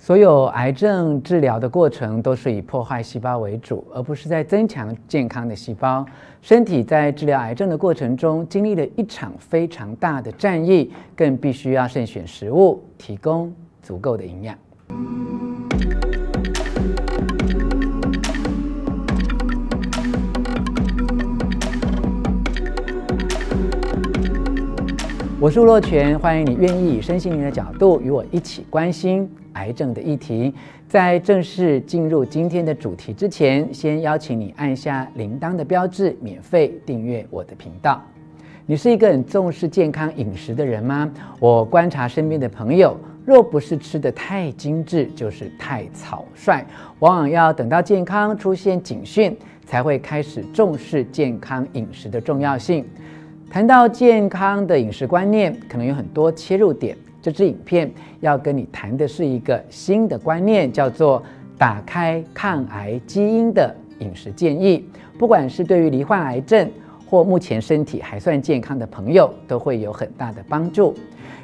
所有癌症治療的過程都是以破壞細胞為主，而不是在增強健康的細胞。身體在治療癌症的過程中經歷了一場非常大的戰役，更必須要慎選食物，提供足夠的營養。我是吳若權，歡迎你願意以身心靈的角度與我一起關心癌症的議題。在正式進入今天的主題之前，先邀請你按下鈴鐺的標誌，免費訂閱我的頻道。你是一個很重視健康飲食的人嗎？我觀察身邊的朋友，若不是吃得太精緻，就是太草率，往往要等到健康出現警訊，才會開始重視健康飲食的重要性。談到健康的飲食觀念，可能有很多切入點。這支影片要跟你談的是一個新的觀念，叫做“打開抗癌基因”的飲食建議。不管是對於罹患癌症或目前身體還算健康的朋友，都會有很大的幫助。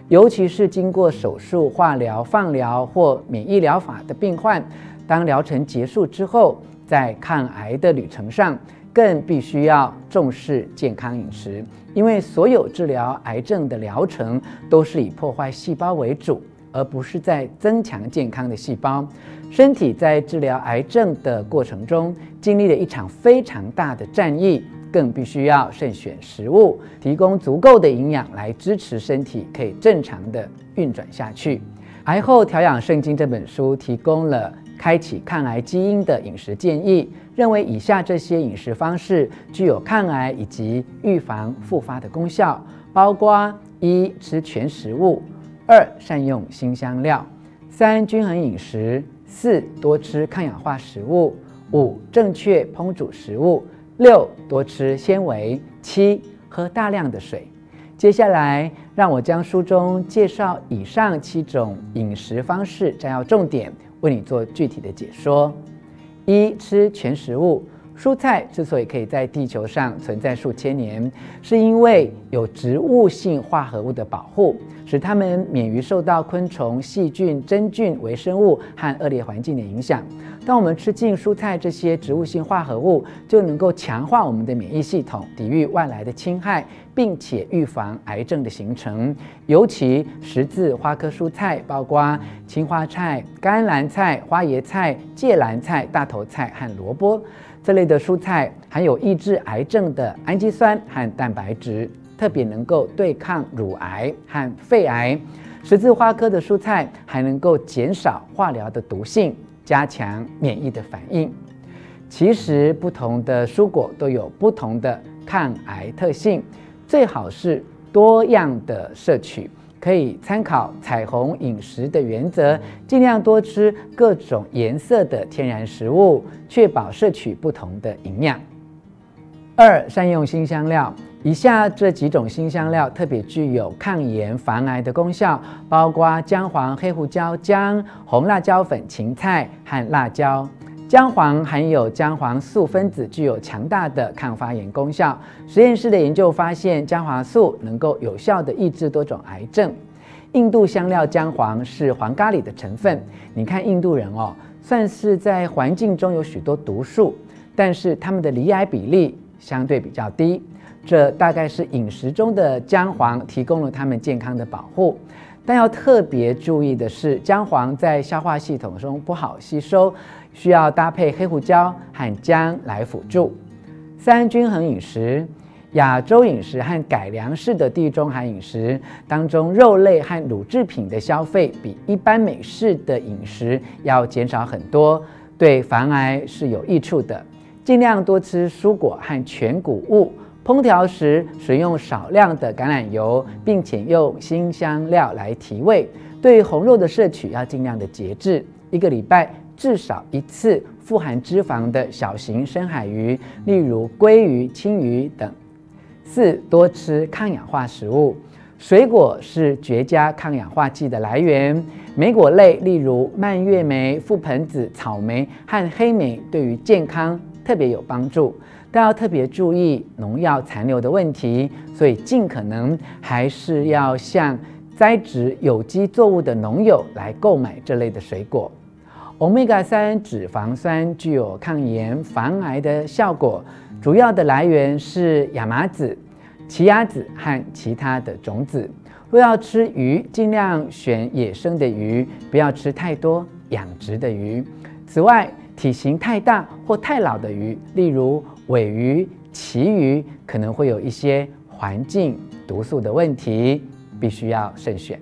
尤其是經過手術、化療、放療或免疫療法的病患，當療程結束之後，在抗癌的旅程上。更必須要重視健康飲食，因為所有治療癌症的療程都是以破壞細胞為主，而不是在增強健康的細胞。身體在治療癌症的過程中，經歷了一場非常大的戰役，更必須要慎選食物，提供足夠的營養來支持身體可以正常的運轉下去。《癌後調養聖經》這本書提供了。開啟抗癌基因的飲食建議，認為以下這些飲食方式具有抗癌以及預防復發的功效，包括：一、吃全食物；二、善用辛香料；三、均衡飲食；四、多吃抗氧化食物；五、正確烹煮食物；六、多吃纖維；七、喝大量的水。接下來，讓我將書中介紹以上七種飲食方式摘要重點。為你做具體的解說：一、吃全食物。蔬菜之所以可以在地球上存在數千年，是因為有植物性化合物的保護，使它們免於受到昆蟲、細菌、真菌、微生物和惡劣環境的影響。當我們吃進蔬菜，這些植物性化合物就能夠強化我們的免疫系統，抵禦外來的侵害，並且預防癌症的形成。尤其十字花科蔬菜，包括青花菜、甘藍菜、花椰菜、芥藍菜、大頭菜和蘿蔔。這類的蔬菜含有抑制癌症的氨基酸和蛋白質，特別能夠對抗乳癌和肺癌。十字花科的蔬菜還能夠減少化療的毒性，加強免疫的反應。其實不同的蔬果都有不同的抗癌特性，最好是多樣的攝取。可以參考彩虹飲食的原則，儘量多吃各種顏色的天然食物，確保攝取不同的營養。二，善用辛香料，以下這幾種辛香料特別具有抗炎防癌的功效，包括薑黃、黑胡椒、薑、紅辣椒粉、芹菜和辣椒。薑黃含有薑黃素分子，具有強大的抗發炎功效。實驗室的研究發現，薑黃素能夠有效地抑制多種癌症。印度香料薑黃是黃咖喱的成分。你看，印度人哦，算是在環境中有許多毒素，但是他們的罹癌比例相對比較低。這大概是飲食中的薑黃提供了他們健康的保護。但要特別注意的是，薑黃在消化系統中不好吸收。需要搭配黑胡椒和薑來輔助。三、均衡飲食，亞洲飲食和改良式的地中海飲食當中，肉類和乳製品的消費比一般美式的飲食要減少很多，對防癌是有益處的。盡量多吃蔬果和全穀物，烹調時使用少量的橄欖油，並且用辛香料來提味。對紅肉的攝取要盡量的節制，一個禮拜至少一次富含脂肪的小型深海魚，例如鮭魚、青魚等。四、多吃抗氧化食物，水果是絕佳抗氧化劑的來源。莓果類，例如蔓越莓、覆盆子、草莓和黑莓，對於健康特別有幫助。但要特別注意農藥殘留的問題，所以盡可能還是要向栽植有機作物的農友來購買這類的水果。歐米伽三脂肪酸具有抗炎、防癌的效果，主要的來源是亞麻籽、奇亞籽和其他的種子。若要吃魚，盡量選野生的魚，不要吃太多養殖的魚。此外，體型太大或太老的魚，例如鮪魚、旗魚，可能會有一些環境毒素的問題，必須要慎選。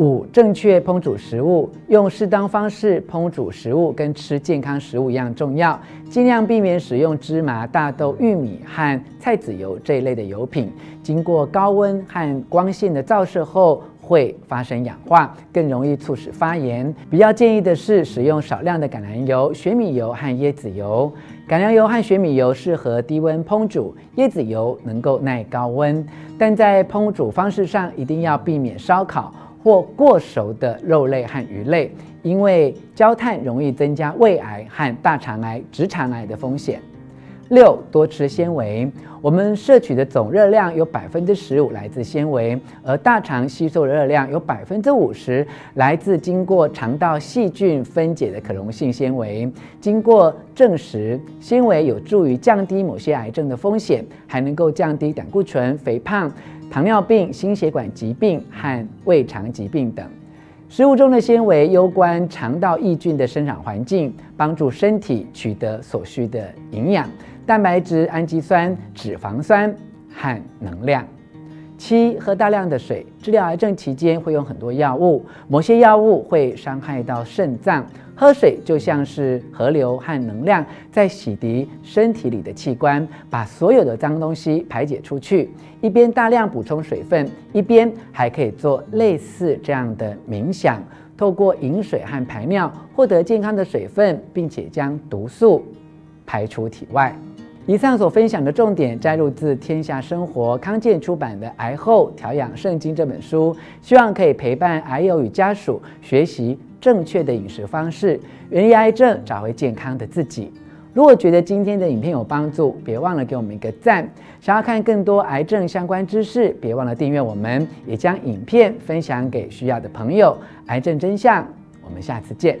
五、正確烹煮食物，用適當方式烹煮食物跟吃健康食物一樣重要。盡量避免使用芝麻、大豆、玉米和菜籽油這一類的油品，經過高溫和光線的照射後會發生氧化，更容易促使發炎。比較建議的是使用少量的橄欖油、玄米油和椰子油。橄欖油和玄米油適合低溫烹煮，椰子油能夠耐高溫，但在烹煮方式上一定要避免燒烤或過熟的肉類和魚類，因為焦炭容易增加胃癌和大腸癌、直腸癌的風險。六，多吃纖維，我們攝取的總熱量有百分之十五來自纖維，而大腸吸收的熱量有百分之五十來自經過腸道細菌分解的可溶性纖維。經過證實，纖維有助於降低某些癌症的風險，還能夠降低膽固醇、肥胖、糖尿病、心血管疾病和胃腸疾病等。食物中的纖維攸關腸道益菌的生長環境，幫助身體取得所需的營養。蛋白質、氨基酸、脂肪酸和能量。七，喝大量的水。治療癌症期間會用很多藥物，某些藥物會傷害到腎臟。喝水就像是河流和能量在洗滌身體裡的器官，把所有的髒東西排解出去。一邊大量補充水分，一邊還可以做類似這樣的冥想，透過飲水和排尿獲得健康的水分，並且將毒素排出體外。以上所分享的重點摘錄自《天下生活康健》出版的《癌後調養聖經》這本書，希望可以陪伴癌友與家屬學習正確的飲食方式，遠離癌症，找回健康的自己。如果覺得今天的影片有幫助，別忘了給我們一個讚。想要看更多癌症相關知識，別忘了訂閱我們，也將影片分享給需要的朋友。癌症真相，我們下次見。